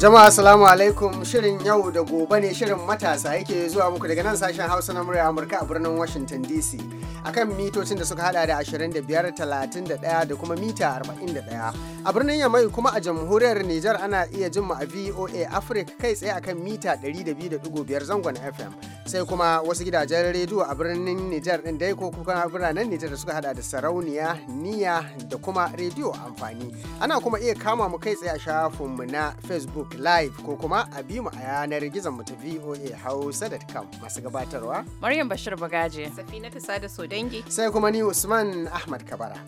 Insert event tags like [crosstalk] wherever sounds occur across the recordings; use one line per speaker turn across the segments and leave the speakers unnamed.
Jama'a Assalamu alaikum shirin yau da gobe ne shirin matasa yake zuwa muku daga nan sashen Hausa na murya Amurka a birnin Washington DC akan mitocin da suka hada da 25, 31 da kuma mita 41. A birnin Yamai kuma a jamhuriyar Niger ana iya jin mu a VOA Africa kai tsaye akan mita 102.5 zangon FM sai kuma wasu gidajen rediyo a birnin Nijar ɗin dai ko kuma biranen Nijar da suka hada da sarauniya niya da kuma rediyo amfani ana kuma iya kama mu kai tsaye a shafinmu na Facebook live ko kuma a bi mu a yanar gizon mu ta VOA Hausa.com masu gabatarwa Maryam Bashir Bagaje Safina Tisa da Sodangi sai kuma ni Usman Ahmad Kabara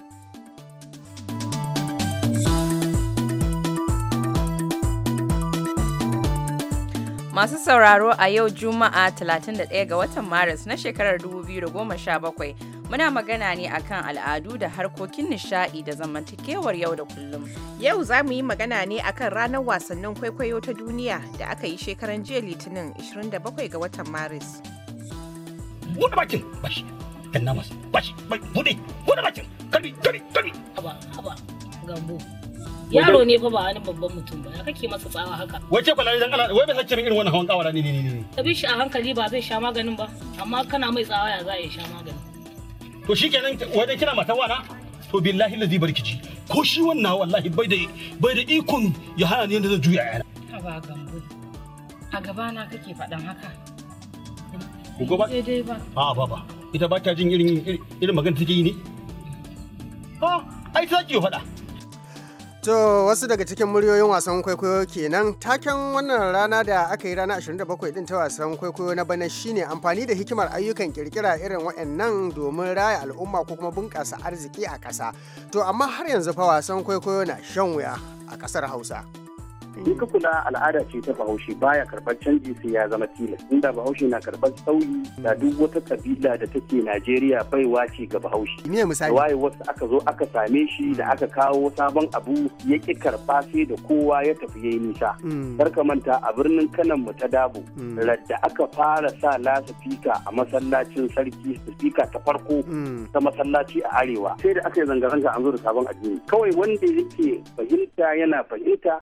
Masu sauraro a yau Juma'a 31 ga watan Maris na shekarar 2017 muna magana ne akan al'adu da harkokin nishadi da zamantakewar yau da kullum. Yau za mu yi magana ne akan ranar wasannin kwaikwayo ta duniya da aka yi shekaran jiya Litinin 27 ga watan Maris. gambo. yaro ne fa ba wani babban mutum ba ya kake masa tsawa haka
wace kwalari dan Allah wai bai sace min irin wannan hawan kawara ne ne ne
abin shi a hankali ba zai sha maganin ba amma kana mai tsawa ya za ya sha maganin
to shikenan wajen kina matan wana to billahi lazi barkici ko shi wannan wallahi bai da bai da ikon ya hana ni yadda zan juya yana ba gambo
a gaba na kake fadan haka ko ba dai ba
a ba ba ita ba ta jin irin irin magana take yi ne
ha ai ta ki faɗa To wasu daga cikin muryoyin wasan kwaikwayo kenan taken wannan rana da aka yi rana 27 din ta wasan kwaikwayo na bana shine amfani da hikimar ayyukan kirkira irin waɗannan domin raya al'umma ko kuma bunƙasa arziki a ƙasa. To amma har yanzu fa wasan kwaikwayo na shan wuya a ƙasar Hausa. duka
ka kula al'ada ce ta bahaushe baya karɓar canji sai ya zama tilas inda bahaushe na karɓar sauyi da duk wata kabila da take najeriya baiwa ce ga bahaushe ne misali waye wasu aka zo aka same shi da aka kawo sabon abu ya ki karɓa sai da kowa ya tafi yayi nisa mm. kar manta a birnin kanan mu ta dabo mm. radda aka fara sa lasa fika a masallacin sarki fika ta farko mm. ta masallaci a arewa sai da aka yi zanga-zanga an zo da sabon addini kawai wanda yake fahimta yana fahimta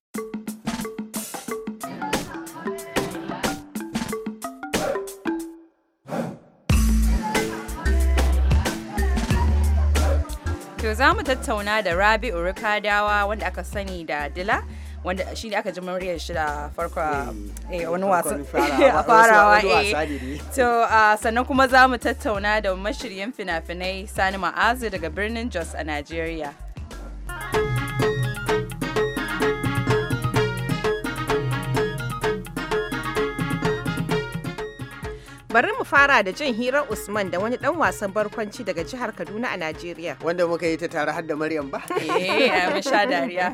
za mu tattauna da rabi Rikadawa wanda aka sani da Dila wanda shi ne aka ji muryar
shi da farko
eh, eh, wani wasan [laughs] a farawa eh.
to sannan kuma za mu tattauna da mashiryin fina-finai Sani Ma'azu daga birnin Jos a nigeria.
Bari mu fara da jin hirar Usman da wani dan wasan barkwanci daga jihar Kaduna a Najeriya. Wanda muka yi ta tare har da Maryam ba? [laughs] Eh, mun sha dariya.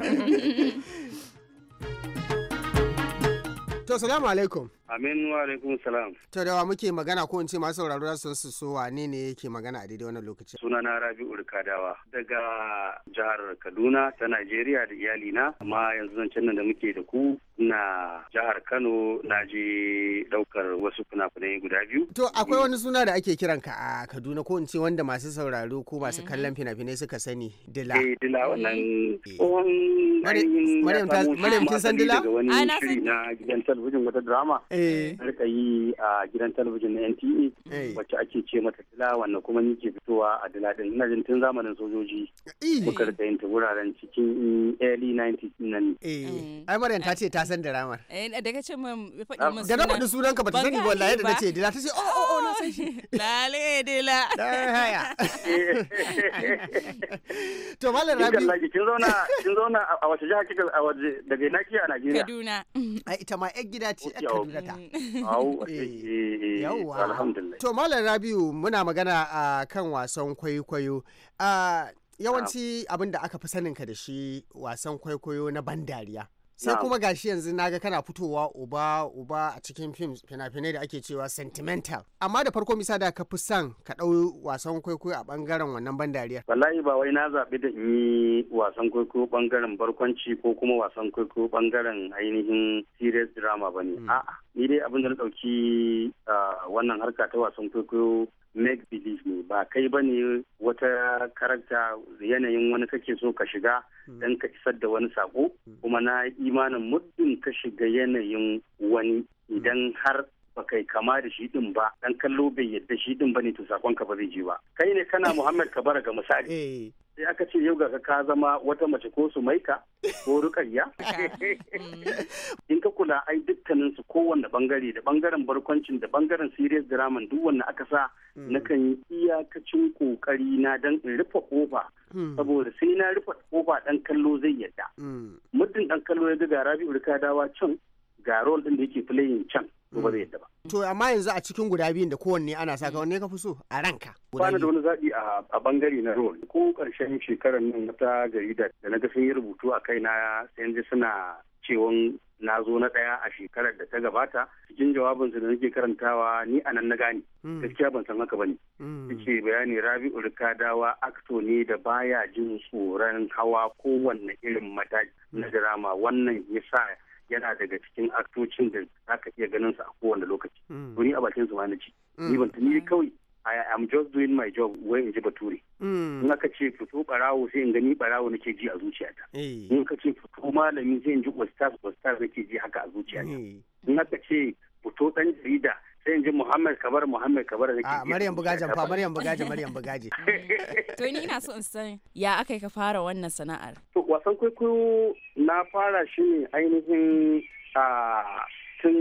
To, salamu alaikum.
Amin wa alaikum salam.
To da muke magana ko in ce masu sauraro za su so wane ne yake magana a daidai wannan lokaci. Sunana
Rabi'u Urkadawa daga jihar Kaduna ta Najeriya da iyalina amma yanzu zan nan da muke da ku na jihar Kano na je daukar wasu fina-finai guda biyu. To akwai
wani suna da ake kiran ka a Kaduna ko in ce wanda masu sauraro ko masu mm-hmm. kallon fina-finai suka sani Dila. Eh
Dila wannan eh. tsohon Maryam kin san Dila? Daga wani ah, shiri na gidan talabijin wata drama. Eh. rika yi a gidan talabijin na NTA e, eh. wacce ake ce mata tila wannan kuma ni ke fitowa a dila din ina jin tun zamanin sojoji eh. muka rika yin ta wuraren cikin early 90s nan ai
Maryam ta ce ta san da ramar daga ce mun faɗi ah. mun da na faɗi sunan ka ba ta sani wallahi da nace dila ta ce oh oh oh na san shi [laughs] lale dila [laughs] haya
[laughs] to malam Rabi kin zauna kin zauna a wace jiha kika a waje daga ina kiya a Najeriya
Kaduna ai ita ma yar gida ce Kaduna bukata. Mm. [laughs] Eh,
eh, eh, Yawwa.
To Malam Rabiu muna magana a kan wasan kwaikwayo. Yawanci abin da aka fi saninka da shi wasan kwaikwayo na ban dariya. sai kuma gashi yanzu naga kana fitowa uba uba a cikin fim fina-finai da ake cewa sentimental amma da farko misa da ka fi son ka ɗau wasan kwaikwayo a bangaren wannan ban dariyar wallahi ba wai na zaɓi
da in yi wasan kwaikwayo bangaren barkwanci ko kuma wasan kwaikwayo bangaren ainihin serious drama ba ne hmm. a'a ni dai abin da na ɗauki ah, wannan harka ta wasan kwaikwayo make believe ne ba kai ba ne wata karanta yanayin wani kake so ka shiga hmm. dan ka isar da wani sako hmm. kuma na imanin muddin ka shiga yanayin wani hmm. idan har ba kai kama da shi din ba dan kallo bai yadda shi din ba ne to sakon ka ba zai je ba kai ne kana [laughs] muhammad kabara ga misali eh. sai aka ce yau ga ka zama wata mace ko su maika ko rukayya [laughs] mm. in ka kula ai dukkanin su kowanne bangare da bangaren barkwancin da bangaren serious drama duk wanda aka sa mm. na kan yi iyakacin kokari na dan in rufe kofa mm. saboda sai na rufe kofa dan kallo zai yadda muddin dan kallo ya ga rabi'u dawa can ga role din da yake playing can ko mm. yadda
To amma yanzu a cikin guda biyun da kowanne ana sa ka wanne ka fi so a ranka. Bana da
wani zaɓi a bangare na rol ko ƙarshen shekarar nan wata jarida da na ga sun yi rubutu a kai na yanzu suna cewan na zo na ɗaya a shekarar da ta gabata cikin jawabin su da nake karantawa ni a nan na gane mm. gaskiya ban san haka ba ne. Mm. yake bayani rabi'u rikadawa akto ne da baya jin tsoron hawa kowanne irin mataki na drama wannan yasa yana daga cikin aktocin da za ka iya ganin su a kowane lokaci hmm. to a bakin zuma na ci hmm. ni ban ni hmm. kawai I am just doing my job wai in ji bature.
In aka
ce fito barawo sai in gani barawo nake ji a zuciyata. Eh. In aka ce fito malami sai in ji ostars ostars nake ji haka a zuciyata. Eh. In aka ce fito ɗan jarida sai ji Muhammad Kabar Muhammad Kabar
da ke ah, Maryam Bugaje fa Maryam Bugaje Maryam Bugaje
[laughs] to ni ina so in san ya aka ka fara wannan sana'ar
to wasan kwaikwayo
na fara shi ne ainihin a ah, tun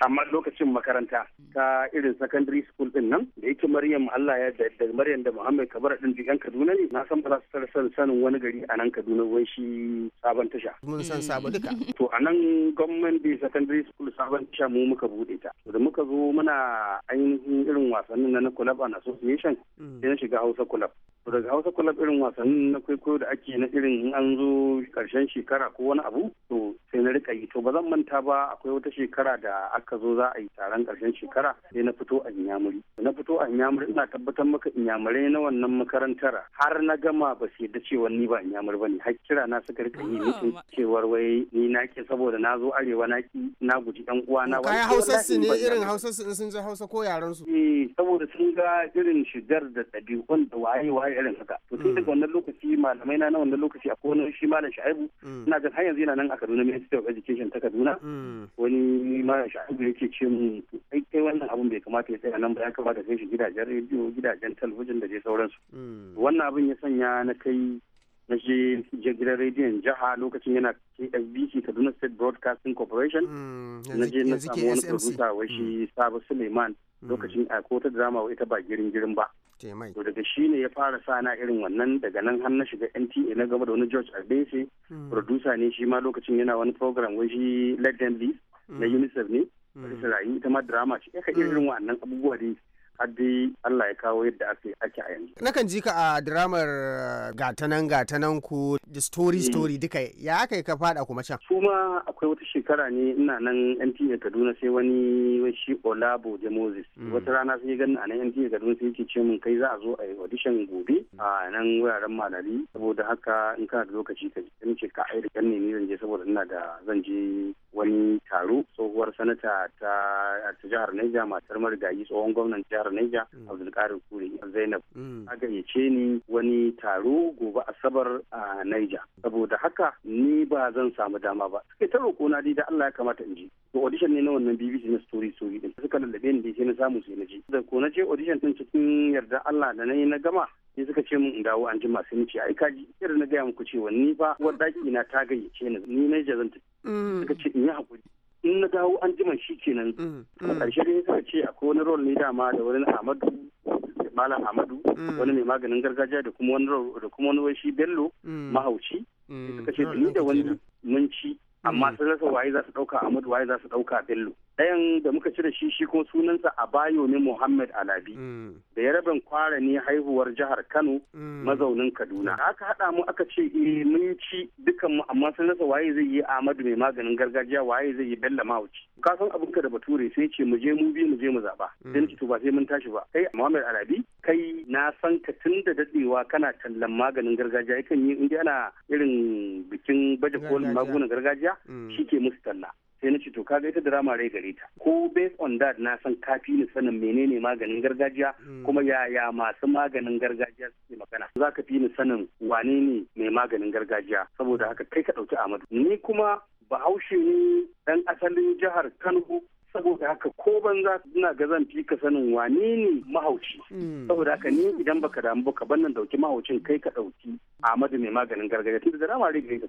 amma lokacin makaranta ta irin secondary school din nan da yake maryam allah ya da maryam da muhammad kabar din da yan kaduna ne na san ba za su san sanin wani gari a nan kaduna wai shi sabon tasha mun san sabon duka [laughs] to a nan government da secondary school sabon tasha mu muka bude ta da muka zo muna ainihin irin wasannin na club and association mm. sai na shiga hausa club to daga hausa club irin wasannin na kwaikwayo da ake na irin an zo karshen shekara ko wani abu to sai na rika yi to ba zan manta ba akwai wata shekara da aka. aka zo za a yi taron ƙarshen shekara sai na fito a inyamuri na fito a inyamuri ina tabbatar maka inyamurai na wannan makarantar har na gama ba su yadda cewa ni ba inyamuri bane ne har kira na suka rika yi mutum cewar wai ni na ke saboda na zo arewa na ki na guji ɗan uwa na wani Hausa su ne irin
Hausa su sun ji hausa ko yaran su
eh saboda sun ga irin shigar da ɗabi'un da waye waye irin haka to tun daga mm. wannan lokaci malamai na na wannan lokaci akwai wani shi malam Sha'ibu mm. ina ga har yanzu yana nan a Kaduna Ministry of Education ta Kaduna mm. wani malam Sha'ibu da yake ce mu kai kai wannan abun bai kamata ya tsaya nan ba ya kamata kai shi gidajen rediyo gidajen talabijin da dai sauransu hmm. wannan abun ya sanya na kai na je gidan rediyon jiha lokacin yana KSBC Kaduna State Broadcasting Corporation hmm. na je na samu wani producer wai shi hmm. Sabu Suleiman lokacin a kota drama ita ba girin girin ba to daga shi ne ya fara sana irin wannan daga nan har na shiga NTA na gaba da wani George Arbese producer ne shi ma lokacin yana wani program wai shi Legend
na UNICEF ne rayu mm.
ita ma drama shi ka mm. irin wannan abubuwa dai har dai Allah ya kawo yadda ake ake a yanzu.
Nakan ji ka a dramar eh, gatanan gatanan ku the story mm. story duka ya aka ka fada kuma can.
Su ma akwai wata shekara ne ina nan NTA Kaduna sai wani shi Olabo de Moses. Wata rana sai gani a nan NTA Kaduna sai yake ce min kai za a zo a yi audition gobe a nan wuraren malari saboda haka in kana da lokaci ka ji ce ka ai da ne ni zan je saboda ina da zan je wani taro tsohuwar sanata ta jihar Niger matar marigayi tsohon gwamnan jihar Niger mm. Abdulkarim Kure Zainab mm. a gayyace ni wani taro gobe Asabar a Niger saboda haka ni ba zan samu dama ba suke ta roko na da Allah ya kamata in ji to audition ne na wannan BBC na story story din suka lallabe ni sai na samu sai na ji da ko na je audition din cikin yarda Allah da nayi na gama sai suka ce min in dawo an jima sai ni ce ai kaji irin na gaya muku cewa ni ba uwar na ta gayyace ni ni Niger zan tafi Mm. suka ce in yi hakuri in na dawo an jima shi kenan mm. a mm. ƙarshe dai suka ce a wani rol ne dama da wani amadu malam amadu wani mai maganin gargajiya da kuma wani wani shi bello mahauci
suka ce ni da
wani munci amma sun rasa waye za su ɗauka amadu waye za su ɗauka bello ɗayan da muka cire shi shi kuma sunansa bayo ne muhammad alabi mm. da ya rabin kwara ne haihuwar jihar kano mm. mazaunin kaduna Da aka haɗa mu aka ce eh, mun ci dukanmu. amma sun rasa waye zai yi amadu mai maganin gargajiya waye zai yi bello mahauci ka san abin ka da bature sai ce mu je mu bi mu je mu zaɓa mm. sai to ba sai mun tashi ba kai muhammad alabi kai na san ka tun da dadewa kana tallan maganin gargajiya yakan yi inda ana irin bikin baje kolin magungunan gargajiya shi ke musu talla sai na ce to kaga ita drama rai gare ta ko based on that na san kafi ni sanin menene maganin gargajiya hmm. kuma yaya masu maganin gargajiya suke magana za ka fi ni sanin wane ne mai maganin gargajiya saboda haka kai ka ɗauki Amadu. ni kuma bahaushe ne dan asalin jihar Kano saboda haka ko banza ina ga zan fi ka sanin wane ne mahauci hmm. saboda haka ni idan baka damu baka ban nan dauki mahaucin kai ka dauki Ahmadu mai maganin gargajiya tunda da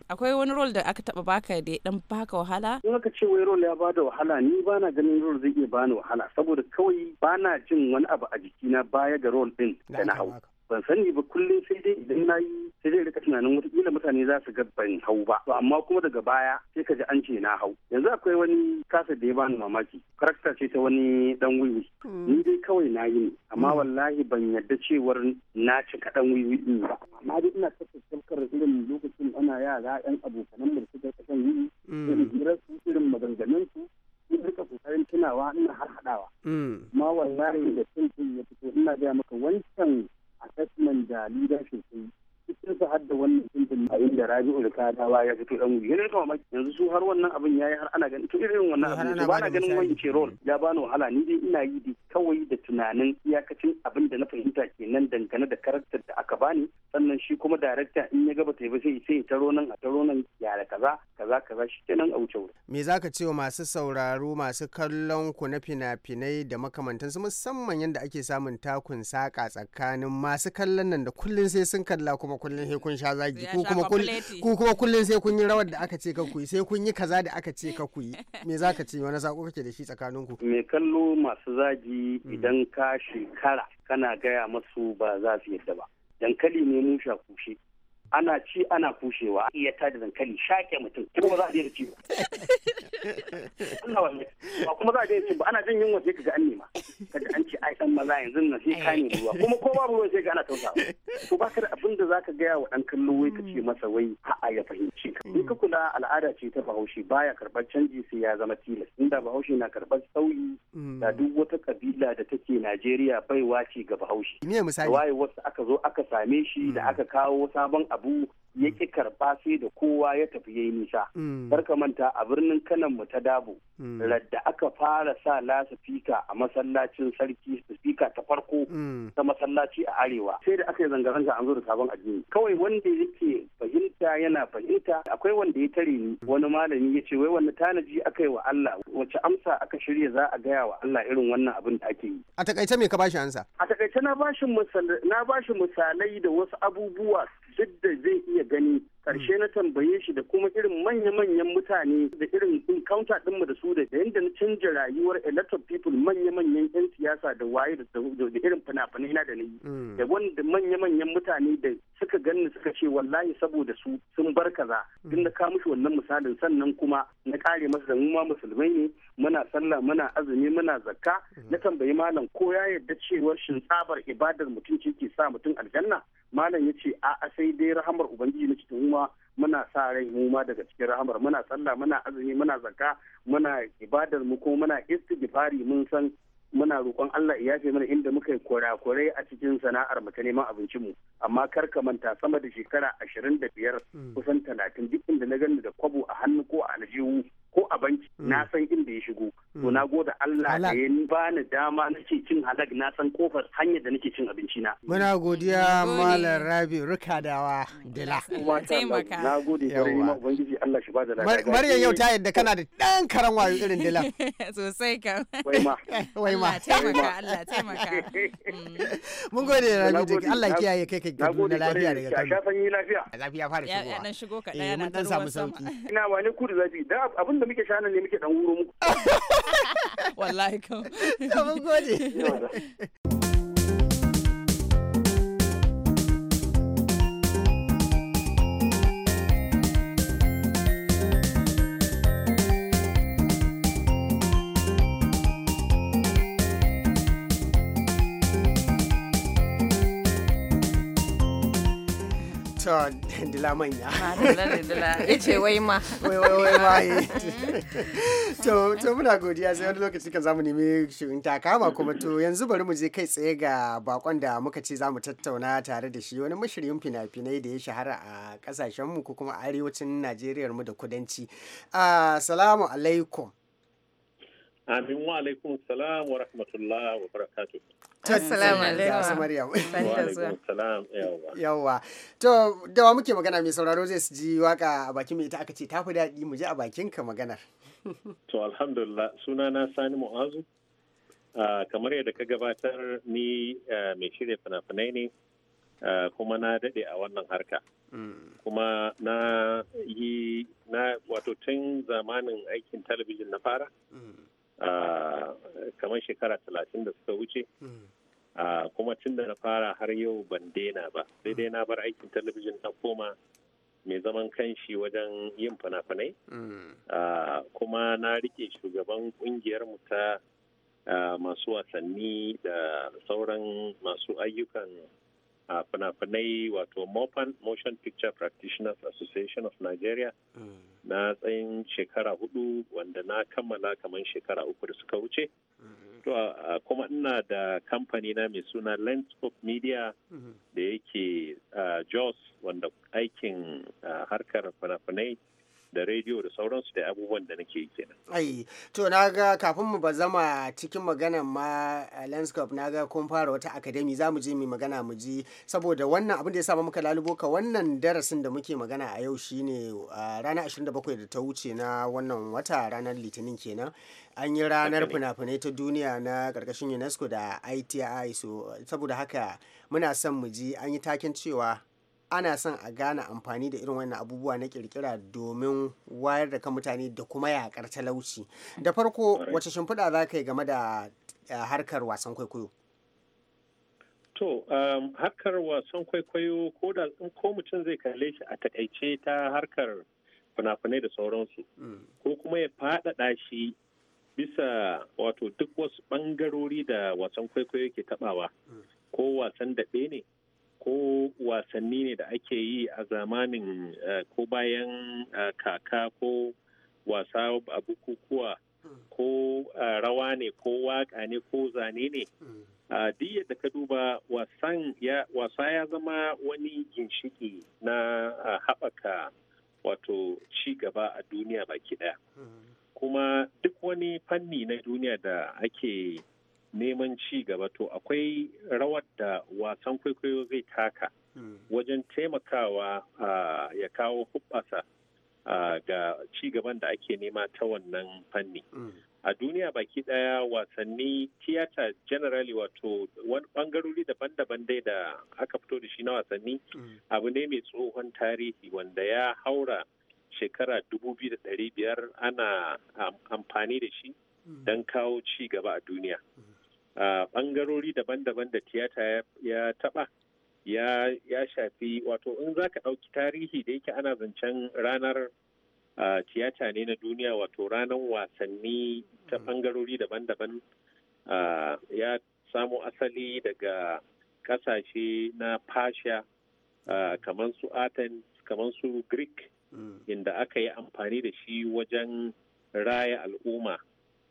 akwai wani rol da aka taba baka da dan baka wahala in aka ce wai rol ya bada wahala ni bana ganin rol zai iya bani wahala saboda kawai bana jin wani abu a jikina baya ga rol din da na hau ban sani ba kullum sai dai idan na yi sai dai rika tunanin watakila mutane za su ga ban hau ba to amma kuma daga baya sai ka ji an ce na hau yanzu akwai wani kasa da ya bani mamaki karakta ce ta wani dan wiwi ni dai kawai na yi ne amma wallahi ban yarda cewar na cika dan wiwi din ba amma dai ina tattalkar irin lokacin ana yara yan abokanan mu da suka kan yi mm. irin irin maganganun su in rika kokarin tunawa ina har hadawa mm. amma wallahi da tun ya fito ina gaya maka wancan assessment da leadership sun su hadda wannan tuntun a inda Rabi'u ba ya fito dan wuri yana mamaki. yanzu su har wannan abin yayi har ana ganin to irin wannan abin ba na ganin wani ke role ya bani wahala ni dai ina yi kawai da tunanin iyakacin abin da na fahimta kenan dangane da karakter da aka bani sannan shi kuma darakta in ya gaba ta ba sai sai taro nan a taro nan ya yara kaza kaza kaza shi kenan a wuce wuri
me zaka ce wa masu sauraro masu kallon ku na fina-finai da makamantan su musamman yadda ake samun takun saka tsakanin masu kallon nan da kullun sai sun kalla kuma kullun kullum sai kun sha zagi ku kuma ku kullum sai kun yi rawar da aka ce ka ku sai kun yi kaza da aka ce ka ku yi [laughs] me ka ce wani sako kake da shi tsakanin ku me
kallo masu zagi mm. idan ka shekara kana gaya masu ba za su yadda ba dankali ne mun sha kushe ana ci ana kushewa iya ta da dankali shaƙe mutum kuma za a daina ci ba Allah wallahi ba kuma za a daina ci ba ana jin yunwa sai ga an nema Kada an ce ai dan maza yanzu na sai ka ruwa kuma ko babu ruwa sai ga ana tausawa ko ba ka da abin da zaka gaya wa dan kallo wai ka ce hmm. masa wai a ya fahimci ka in ka hmm. kula al'ada ce ta Bahaushe baya karɓar canji sai ya zama tilas inda Bahaushe na karɓar sauyi hmm. da duk wata kabila da take Najeriya baiwa ce ga Bahaushe Waye wasu aka zo aka same shi da aka kawo sabon abu abu ya ƙi karɓa sai da kowa ya tafi ya yi nisa. Mm. Kar ka manta a birnin kanan mu ta dabo.
Mm. Radda
aka fara sa fika a masallacin sarki sifika ta farko mm. ta masallaci a arewa. Sai da aka yi zanga-zanga an zo da sabon addini. Kawai wanda yake fahimta yana fahimta akwai wanda ya tare ni wani malami ya ce wai wani tanaji aka yi wa Allah wace amsa aka shirya za a gaya wa Allah irin wannan abin da ake yi.
A takaice me ka bashi ansa?
A takaice na bashi misalai da wasu abubuwa duk da zai iya gani karshe na tambaye shi da kuma irin manya-manyan mutane da irin encounter dinmu da su da yadda na canja rayuwar elected people manya-manyan 'yan siyasa da waye da irin fina-finai na da na yi mm. da wanda manya-manyan mutane da suka ganni suka ce wallahi saboda su sun bar kaza mm. tun da ka mushi wannan misalin sannan kuma na kare masa da mu ma musulmai ne muna sallah muna azumi muna zakka mm. na tambayi malam ko ya yarda cewa shin tsabar ibadar mutunci ke sa mutum aljanna malam ya ce a'a sai dai rahamar ubangiji na cikin ma muna sa rai mu daga cikin rahamar muna sallah muna azumi muna zakka muna ibadar mu kuma muna istighfari mun san muna roƙon Allah ya yafe mana inda muka yi kurakurai a cikin sana'ar mu ta neman abincin mu amma kar ka manta sama da shekara ashirin da biyar hmm. kusan talatin duk inda na gani da kwabo a hannu ko a aljihu ko a banki mm. na san inda ya shigo to mm. na gode Allah da ya bani dama na ce cin halak na san kofar hanyar da nake cin abinci na
muna godiya malam Rabi Rukadawa Dila na gode da rima ubangiji Allah shi ba da lafiya Maryam yau ta yadda kana da dan karan wayo irin Dila [laughs] sosai ka waima [laughs] waima taimaka Allah taimaka [laughs] mun mm. gode Rabi Allah kiyaye kai kai na lafiya daga kai shafan yi lafiya lafiya fara ya dan
shigo ka na eh, dan samu sauki ina wani da zafi dan abin da muke shanan ne muke dan wuro muku [laughs] wallahi [laughs] mun gode
To dila manya [laughs] ya ce wai ma wai wai wai ma [laughs] eh. to to muna godiya sai wani lokaci kan zamu nemi shirin takama kuma to yanzu bari mu je kai tsaye ga bakon da muka ce zamu tattauna tare da shi wani mashirin fina-finai da ya shahara a kasashen mu ko kuma arewacin Najeriya mu da kudanci assalamu ah, alaikum
Amin wa alaikum salam wa rahmatullah wa barakatuh.
Assalamu alaikum. Maryam. Yawwa. To da wa muke magana mai sauraro zai su ji waka a bakin mai ita aka ce tafi daɗi mu ji a bakin ka maganar.
To alhamdulillah sunana Sani Mu'azu. Ah, kamar yadda ka gabatar ni ah, mai shirya fina-finai ne ah, kuma na daɗe a wannan harka mm. kuma na yi na wato tun zamanin aikin talabijin na fara mm. kamar shekara talatin da suka wuce hmm. kuma tun da na fara har yau ban daina ba sai dai na bar aikin talabijin na koma mai zaman kanshi wajen yin fana-fanai hmm. kuma na rike shugaban kungiyar mu ta masu wasanni da sauran masu ayyukan uh, fina-finai wato mopan motion picture practitioners association of nigeria mm. na tsayin shekara hudu wanda na kammala kamar shekara uku da suka wuce mm-hmm. to kuma ina da kamfani na mai suna of media mm-hmm. da yake jos wanda aikin harkar fina-finai da rediyo da sauransu da abubuwan da nake yi
kenan. Ai, to na ga kafin mu ba zama cikin magana ma eh, landscape na ga kun fara wata akademi za mu je mu magana mu ji saboda wannan abin da ya sama muka lalubo ka wannan darasin da muke magana a yau shine eh, ranar 27 da ta wuce na wannan wata ranar litinin kenan. an yi ranar fina-finai ta duniya na karkashin unesco da iti so saboda haka muna son mu ji an yi takin cewa ana son a gane amfani da irin wannan abubuwa na kirkira domin wayar da kan mutane da kuma yakar talauci da farko wace shimfiɗa za ka yi game da eh, harkar wasan kwaikwayo
to um, harkar wasan kwaikwayo ko da ko mutum zai kalle shi a takaice ta harkar fina-finai da sauransu mm. ko kuma ya faɗaɗa shi bisa wato duk wasu ɓangarori da wasan kwaikwayo ke taɓawa mm. ko wasan daɓe ne ko wasanni ne da ake yi a zamanin eh, ko bayan eh, kaka ko wasa a bukukuwa ko eh, rawa ne ko waka ne ko zane ne hmm. ah, duk yadda ka duba wasa ya zama wani ginshiki na ah, haɓaka wato ci gaba a duniya baki ɗaya hmm. kuma duk wani fanni na duniya da ake neman ci gaba to akwai rawar da wasan kwaikwayo zai taka hmm. wajen taimakawa ya kawo hubbasa ga ci gaban da ake nema ta wannan fanni hmm. a duniya baki daya wasanni tiyata generally wato wani bangarori daban-daban dai da aka fito da shi na wasanni hmm. abu ne mai tsohon tarihi wanda ya haura shekara 2500 ana amfani da shi don kawo ci gaba a duniya. a bangarori daban-daban da tiyata ya taba ya shafi wato in za ka ɗauki tarihi da yake ana zancen ranar tiyata ne na duniya wato ranar wasanni ta bangarori hmm. daban-daban ya samo asali daga kasashe na fasha kamar su athens kamar su greek
hmm. inda
aka yi amfani da shi wajen raya al'umma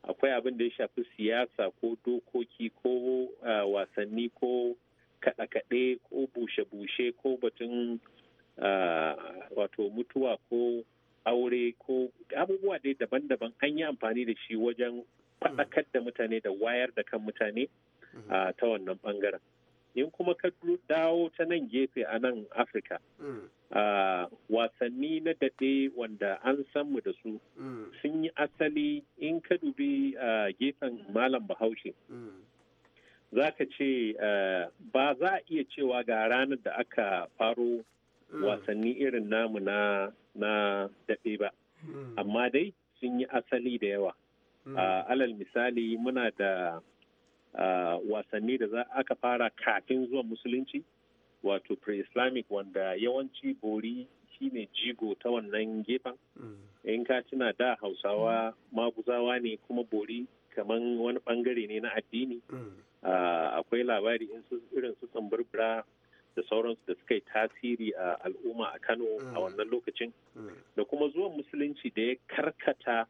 akwai abin da ya shafi siyasa ko dokoki ko wasanni ko kaɗe-kaɗe ko bushe-bushe ko batun wato mutuwa ko aure ko abubuwa dai daban-daban an yi amfani da shi wajen mm. faɗakar da mutane da wayar da kan mutane mm-hmm. ta wannan ɓangaren. in kuma ka dawo ta nan gefe a nan afirka mm. wasanni na daɗe wanda an san mu da su mm. sun yi asali in ka dubi gefen malam bahaushe mm. za ka ce ba za a iya cewa ga ranar da aka faro wasanni irin namu na daɗe ba amma dai sun yi asali da yawa alal misali muna da wasanni da za aka fara kafin zuwa musulunci wato pre-islamic wanda yawanci bori shine jigo ta wannan gefen mm. in ka tuna da hausawa mm. maguzawa ne kuma bori kamar wani bangare ne na addini mm. akwai labari irin su tsamburbura da sauransu da suka yi tasiri a al'umma a kano a wannan lokacin da kuma zuwan musulunci da ya karkata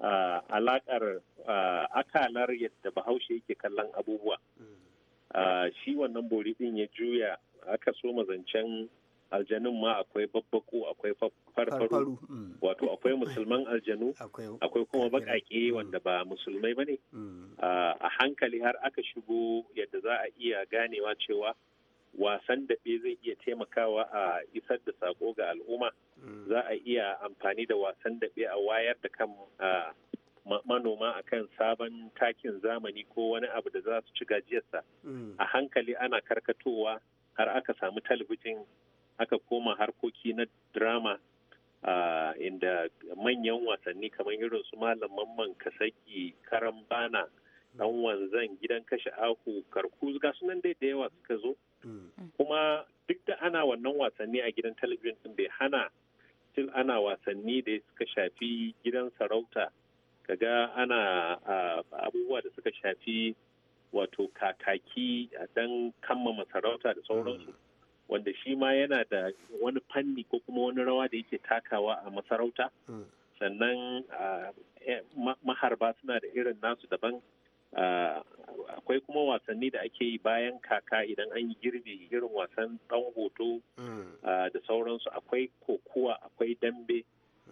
Ah, alakar ah, akalar yadda bahaushe yake kallon abubuwa ah, shi wannan bori din ya juya aka so zancen aljanun ma akwai babbaku akwai farfaru mm. wato akwai musulman aljanu akwai kuma baƙaƙe mm. wanda ba musulmai ba ne mm. a hankali har aka shigo yadda za a iya ganewa cewa wasan daɓe zai iya taimakawa a isar da sako ga al'umma mm. za a iya amfani da wasan daɓe a wayar da kan manoma a kan sabon takin zamani ko wani abu da za su ci gajiyarsa mm. a hankali ana karkatowa har aka samu talabijin aka koma harkoki na drama inda manyan wasanni kamar irin su malam mamman kasaki karambana dan mm. wanzan gidan kashe ahu karku ga sunan dai da yawa suka zo kuma duk da ana wannan wasanni a gidan talabijin din bai hana til ana wasanni da suka shafi gidan sarauta kaga ana abubuwa da suka shafi wato kakaki dan kammama sarauta da sauransu wanda shi ma yana da wani fanni ko kuma wani rawa da yake takawa a masarauta mm. sannan eh, maharba suna da irin nasu daban Ah, akwai kuma wasanni da ake yi bayan kaka idan an yi girbi irin wasan dan hoto mm. ah, da sauransu akwai kokuwa akwai dambe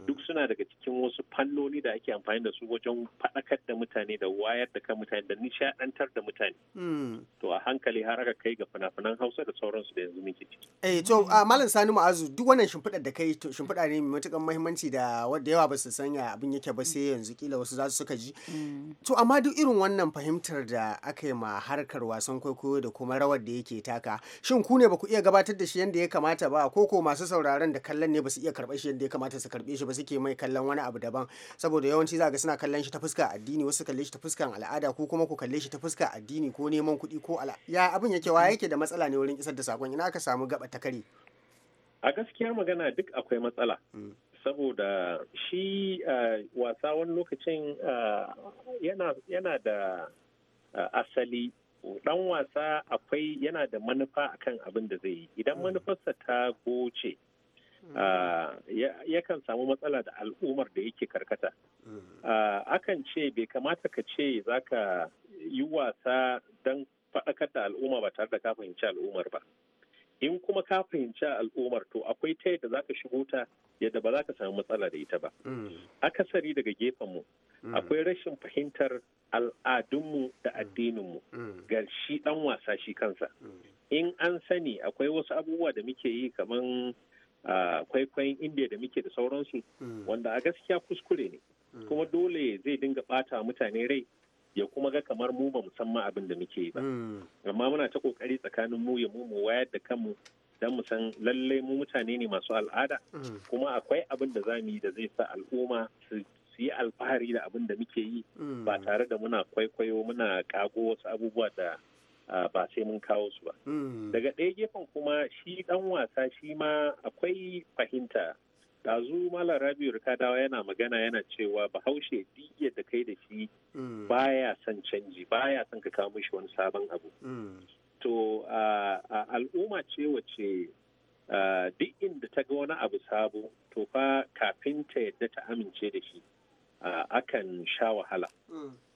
duk suna daga cikin wasu fannoni da ake amfani da su wajen faɗakar da mutane da wayar da kan mutane da nishaɗantar da mutane hmm. to a hankali har aka kai ga fina-finan hausa da sauransu da yanzu muke ciki
eh to malam sani ma'azu duk wannan shimfiɗar da kai shimfiɗa ne mai matukan muhimmanci da wanda yawa ba su ya abin yake ba sai yanzu kila wasu za su suka ji hmm. to amma duk irin wannan fahimtar da aka yi ma harkar wasan kwaikwayo da kuma rawar da yake taka shin ku ne ba ku iya gabatar da shi yadda ya kamata ba ko ko masu sauraron da kallon ne ba su iya karɓar shi yadda ya kamata su karɓe shi ba suke mai kallon wani abu daban saboda yawanci za ga suna kallon shi ta fuska addini wasu kalle shi ta fuskan al'ada ko kuma ku kalle shi ta fuska addini ko neman kuɗi ko ala ya abin yake wa yake da matsala ne wurin isar da sakon ina aka samu gaba ta kare
a gaskiya magana duk akwai matsala mm. saboda shi wasa wani lokacin yana da asali dan wasa akwai yana da manufa akan abin da zai yi idan mm. manufarsa ta goce Ah, yakan samu matsala da al'ummar da yake karkata ah, akan ce bai kamata ka ce za ka yi wasa don faɗakar da al'umma ba tare da ka fahimci al'ummar ba in kuma ka fahimci al'ummar to akwai ta yadda za ka shigo ta yadda ba za ka samu matsala da ita ba hmm. akasari daga gefenmu hmm. akwai rashin fahimtar al'adunmu da addininmu hmm. ga shi ɗan wasa shi kansa in an sani akwai wasu abubuwa da muke yi kamar kwaikwayon indiya da muke da sauransu mm. wanda a gaskiya kuskure ne mm. kuma dole zai dinga bata mutane rai ya kuma ga kamar mu ba musamman abin da muke yi ba mm. amma muna ta kokari tsakanin mu ya mu mu wayar da kanmu dan mu san lallai mu mutane ne masu al'ada kuma akwai abin da zamu yi da zai sa al'umma su yi alfahari da abin da muke yi ba tare da muna kwaikwayo muna kago wasu abubuwa da ba sai mun kawo su ba
hmm. daga
ɗaya gefen kuma shi ɗan wasa shi ma akwai fahimta dazu malam rabiu rikadawa yana magana yana cewa bahaushe diyya da kai da shi hmm. baya son canji baya son ka kawo mishi wani sabon abu hmm. to al'umma ce wace duk inda ta ga wani abu sabo to fa kafin ta yadda ta amince da shi akan sha wahala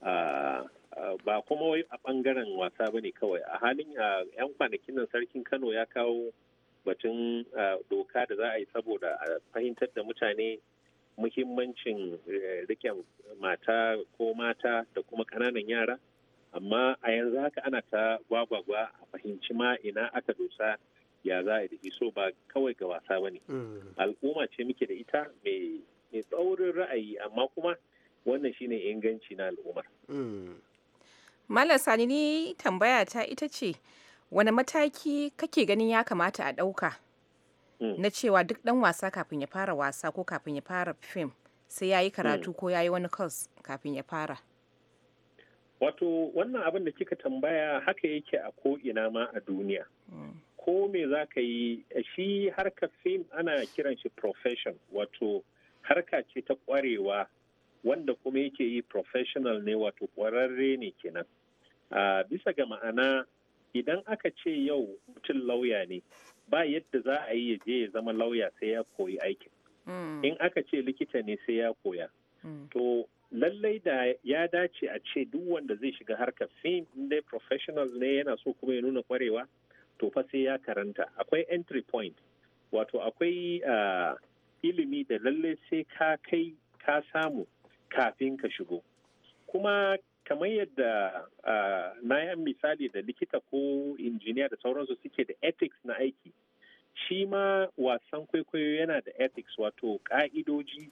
Ah, ah, ba kuma wai a bangaren wasa bane kawai a halin yan ah, kwanakin nan sarkin kano ya kawo batun doka da za a yi saboda a fahimtar da mutane muhimmancin eh, riƙe mata ko mata da kuma kananan yara amma a yanzu haka ana ta gwagwagwa a fahimci ma ina aka dosa ya za a yi so ba kawai ga wasa ba ne mm. al'umma ce muke da ita mai tsaurin ra'ayi amma kuma wannan shine inganci na al'ummar hmm.
Malam Sani ni tambaya ta ita ce wani mataki kake ganin ya kamata a ɗauka hmm. na cewa duk ɗan wasa kafin ya fara wasa ko kafin ya fara fim sai ya yi hmm. karatu ko ya yi wani kurs kafin ya fara.
Wato wannan abin da kika tambaya haka yake a ko'ina ma a duniya. Ko me za ka yi shi harkar fim ana kiran shi profession wato harka ce ta ƙwarewa wanda kuma yake yi professional ne wato ƙwararre ne kenan a bisa ga ma'ana idan aka ce yau mutum lauya ne ba yadda za a yi ya je ya zama lauya sai ya koyi aikin hmm. in aka ce likita ne sai ya koya hmm. to lallai da ya dace a ce duk wanda zai shiga harkar fim inda professional ne yana so kuma ya nuna kwarewa to fa sai ya karanta akwai entry point wato akwai ilimi da lallai sai ka kai ka samu kafin ka shigo kuma kamar yadda na yi misali da likita ko injiniya da sauransu suke da ethics na aiki shi ma wasan kwaikwayo yana da ethics wato ka'idoji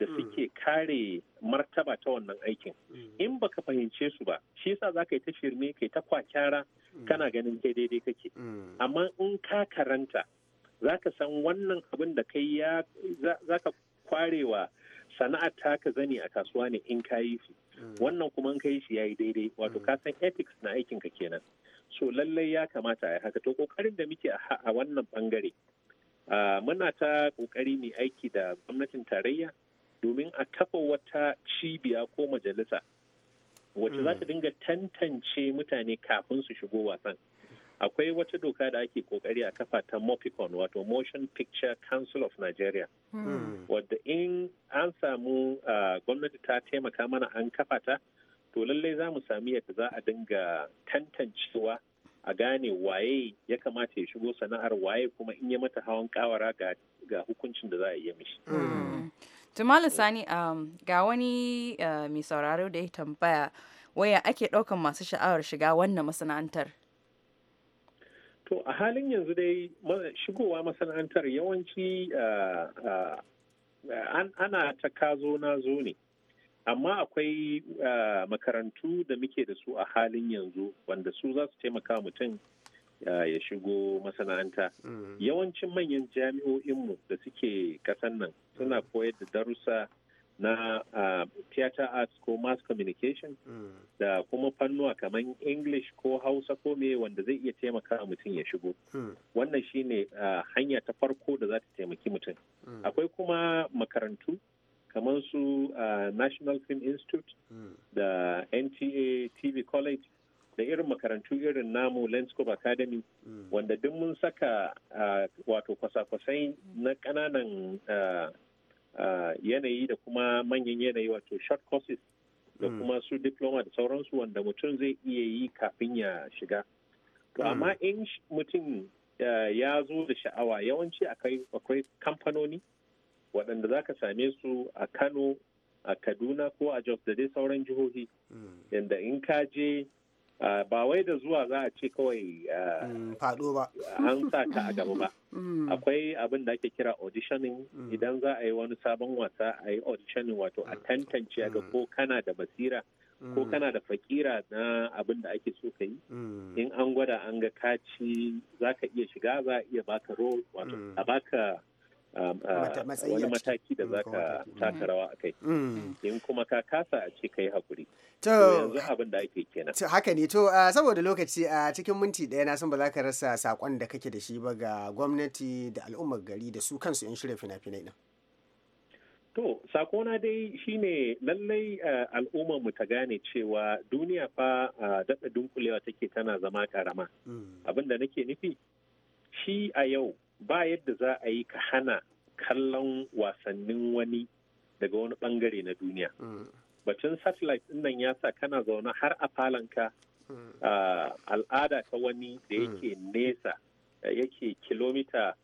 da hmm. suke kare martaba ta wannan aikin hmm. in baka fahimce su ba shi yasa za ka yi ta shirme kai ta kwakyara hmm. kana ganin kai daidai kake amma in ka karanta za ka san wannan abin da kai ya za ka kwarewa sana'ar ka zani a kasuwa ne in ka yi shi mm. wannan kuma in ka yi shi ya yi daidai wato mm. ka san ethics na aikin ka kenan so lallai ya kamata a yi haka to kokarin da muke a wannan bangare muna ta kokari mai aiki da gwamnatin tarayya domin a kafa wata cibiya ko majalisa wacce za ta mm. dinga tantance mutane kafin su shigo wasan. akwai wata doka da ake kokari a kafa ta mopicon wato motion picture council of nigeria hmm. wadda in an samu ah, gwamnati ta taimaka mana an kafa ta to lallai za mu sami yadda za a dinga tantancewa a gane waye ya kamata ya shigo sana'ar waye kuma in ya mata hawan kawara ga hukuncin da za a iya mishi.
Jumalu hmm. hmm. Sani um, ga wani eh, mai sauraro da ya tambaya waya ake ɗaukan masu sha'awar shiga wannan masana'antar.
To a halin yanzu dai shigowa masana'antar yawanci eh, eh, ana ta kazo na zo ne. Amma akwai eh, makarantu da muke da su a halin yanzu wanda su za su taimaka mutum ya shigo masana'anta. Mm. Yawancin manyan jami'o'inmu da suke kasan nan suna koyar da darussa na uh, theater arts ko mass communication mm. da kuma fannuwa kamar english ko hausa ko me wanda zai iya taimaka mutum ya shigo mm. wannan shine uh, hanya ta farko da za ta taimaki mutum mm. akwai kuma makarantu kamar su uh, national film institute da nta tv college da irin makarantu irin namu landscape academy wanda duk mun saka uh, wato kwasa-kwasai na ƙananan uh, Uh, yanayi da kuma manyan yanayi wato short courses da hmm. kuma su diploma da sauransu wanda mutum zai iya yi kafin ya shiga to hmm. amma in mutum uh, ya zo da sha'awa yawanci akwai kamfanoni waɗanda za ka same su a kano a kaduna ko a jos da dai sauran jihohi hmm. yanda in ka je Ah, ba wai da zuwa za a ce kawai ah, mm, an sa ta a gaba ba [laughs] mm. akwai abin da ake kira auditioning mm. idan za a yi wani sabon wasa a yi auditioning wato a tantance ga ko kana da basira ko kana da fakira na abin da ake so ka yi in an gwada an ga kaci za ka iya shiga za a iya baka role wato a baka Um, uh, wani mataki da mm, za ka taka rawa a kai mm. in kuma ka kasa a ce ka yi haƙuri to yanzu abin da ake kenan
to haka ne to uh, saboda lokaci a uh, cikin minti ɗaya na san ba za ka rasa saƙon da kake da shi ba ga gwamnati da al'ummar gari da su kansu in shirya fina-finai ɗin
To, sakona dai shine lallai al'ummar mu ta gane cewa duniya fa daɗa dunkulewa take tana zama karama. Mm. Abin da nake nufi, shi a yau ba yadda za a yi ka hana kallon wasannin wani daga wani bangare na duniya batun satellite din nan ya sa kana zaune har a falanka al'ada ta wani da yake nesa yake kilomita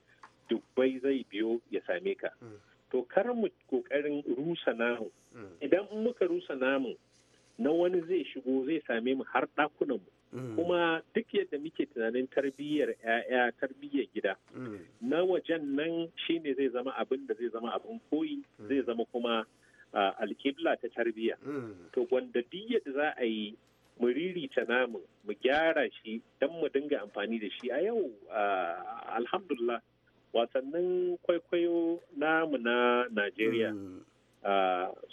dubbai zai biyo ya same ka to kar mu kokarin rusa namu idan muka rusa namu na wani zai shigo zai same mu har ɗakunan mu Mm. kuma duk yadda muke tunanin tarbiyyar 'ya'ya tarbiyyar gida mm. na wajen nan shine zai zama abin da zai zama abin koyi mm. zai zama kuma alkibla ta tarbiyya to gwanda duk yadda za a yi mu ririta namu mu gyara shi don mu dinga amfani da shi a yau alhamdulillah wasannin kwaikwayo namu na najeriya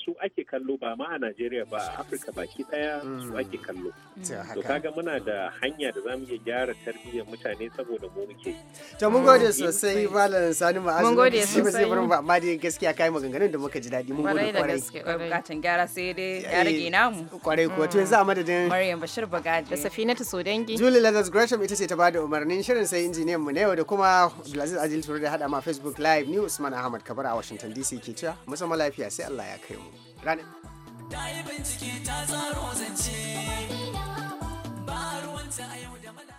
su ake kallo ba ma a Najeriya ba a Afirka baki daya su hmm. ake kallo. To kaga muna da hanya da zamu iya gyara tarbiyyar mutane saboda mu muke.
To mun gode sosai Malam Sani Ma'azu. Mun gode sosai. Ba sai ba amma dai gaskiya kai maganganun da muka ji daɗi mun gode kwarai. Kwarai da gaske bukatun gyara sai dai ya eh, rage namu. Kwarai ko to hmm. yanzu a madadin Maryam Bashir Bagaji da Safinatu Sodangi. Julie Lazarus Gresham ita ce ta bada umarnin shirin sai injiniyan mu ne. yau da kuma Abdulaziz Adil Turu da hada ma Facebook Live ni Usman Ahmad Kabar a Washington DC ke cewa musamman lafiya sai Allah ya kai mu ranar
ta yi bincike ta tsaro zance ba ruwanta a yau da mana